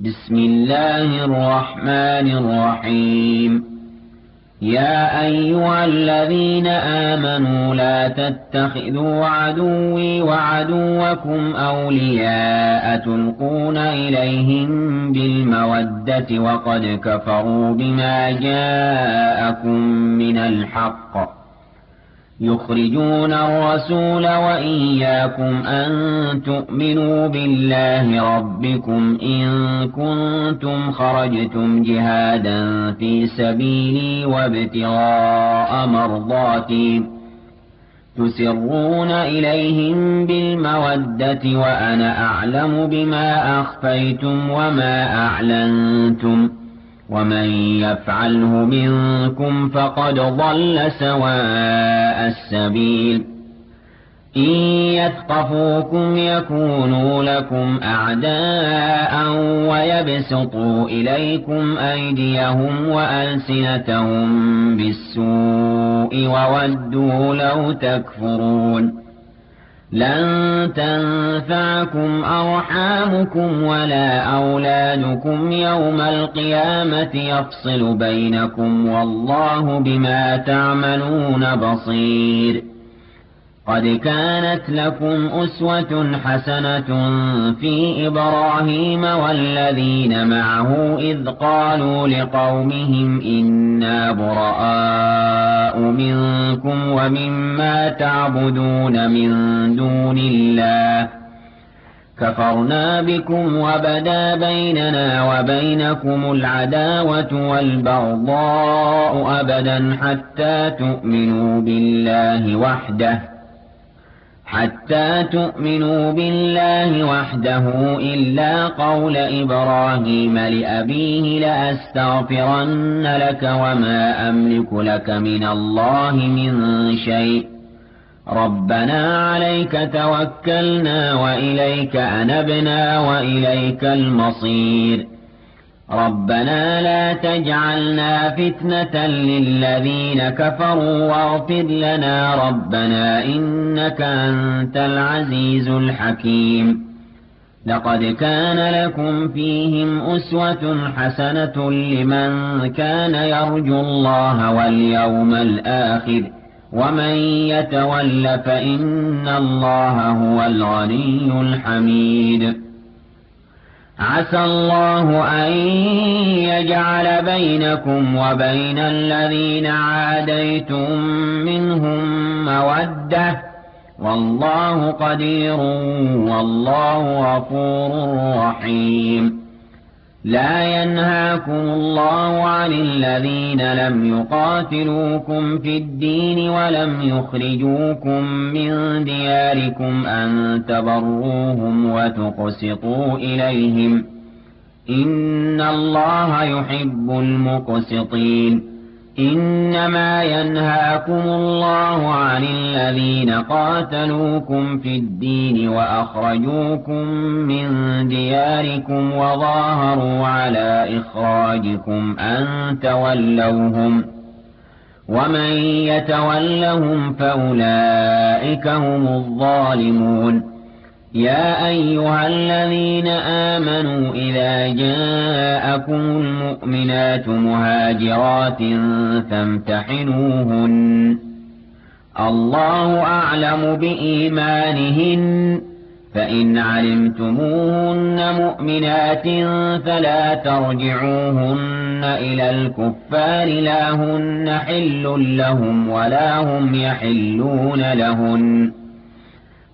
بسم الله الرحمن الرحيم يا أيها الذين آمنوا لا تتخذوا عدوي وعدوكم أولياء تلقون إليهم بالمودة وقد كفروا بما جاءكم من الحق يخرجون الرسول وإياكم أن تؤمنوا بالله ربكم إن كنتم خرجتم جهادا في سبيلي وابتغاء مرضاتي تسرون إليهم بالمودة وأنا أعلم بما أخفيتم وما أعلنتم ۖ ومن يفعله منكم فقد ضل سواء السبيل إن يثقفوكم يكونوا لكم أعداء ويبسطوا إليكم أيديهم وألسنتهم بالسوء وودوا لو تكفرون لن تنفعكم أرحامكم ولا أولادكم يوم القيامة يفصل بينكم والله بما تعملون بصير قد كانت لكم أسوة حسنة في إبراهيم والذين معه إذ قالوا لقومهم إنا براء منكم ومما تعبدون من دون الله كفرنا بكم وبدا بيننا وبينكم العداوة والبغضاء أبدا حتى تؤمنوا بالله وحده حتى تؤمنوا بالله وحده إلا قول إبراهيم لأبيه لأستغفرن لك وما أملك لك من الله من شيء ربنا عليك توكلنا وإليك أنبنا وإليك المصير ربنا لا تجعلنا فتنة للذين كفروا واغفر لنا ربنا إنك أنت العزيز الحكيم لقد كان لكم فيهم أسوة حسنة لمن كان يرجو الله واليوم الآخر ومن يتول فإن الله هو الغني الحميد عسى الله أن يجعل بينكم وبين الذين عاديتم منهم مودة والله قدير والله غفور رحيم لا ينهاكم الله عن الذين لم يقاتلوكم في الدين ولم يخرجوكم من دياركم أن تبروهم وتقسطوا إليهم إن الله يحب المقسطين إنما ينهاكم الله عن الذين قاتلوكم في الدين وأخرجوكم من دياركم وظاهروا على إخراجكم أن تولوهم ومن يتولهم فأولئك هم الظالمون يا أيها الذين آمنوا إذا جاءكم المؤمنات مهاجرات فامتحنوهن الله أعلم بإيمانهن فإن علمتموهن مؤمنات فلا ترجعوهن إلى الكفار لا هن حل لهم ولا هم يحلون لهن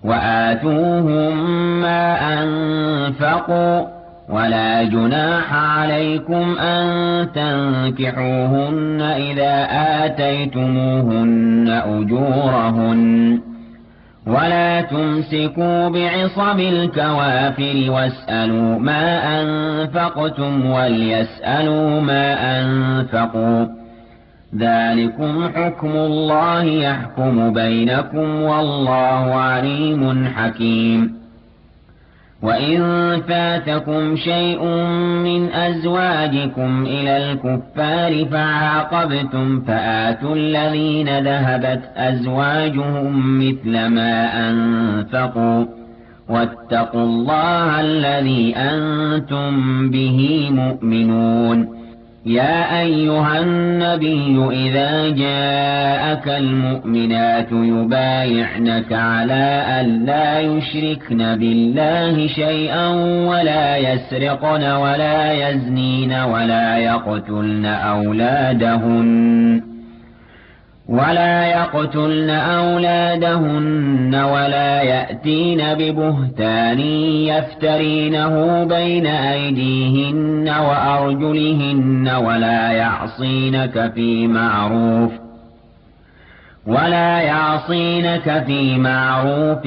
وآتوهم ما أنفقوا ولا جناح عليكم أن تنكحوهن إذا آتيتموهن أجورهن ولا تمسكوا بعصب الكوافر واسألوا ما أنفقتم وليسألوا ما أنفقوا ذلكم حكم الله يحكم بينكم والله عليم حكيم وإن فاتكم شيء من أزواجكم إلى الكفار فعاقبتم فآتوا الذين ذهبت أزواجهم مثل ما أنفقوا واتقوا الله الذي أنتم به مؤمنون يا أيها النبي إذا جاءك المؤمنات يبايعنك على أن لا يشركن بالله شيئا ولا يسرقن ولا يزنين ولا يقتلن أولادهن ولا يقتلن أولادهن ولا يأتين ببهتان يفترينه بين أيديهن وأرجلهن ولا يعصينك في معروف ولا يعصينك في معروف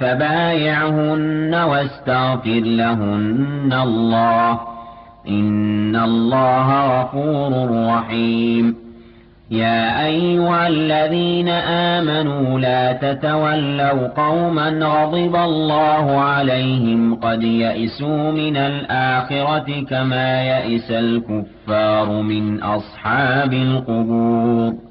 فبايعهن واستغفر لهن الله إن الله غفور رحيم يا أيها الذين آمنوا لا تتولوا قوما غضب الله عليهم قد يئسوا من الآخرة كما يئس الكفار من أصحاب القبور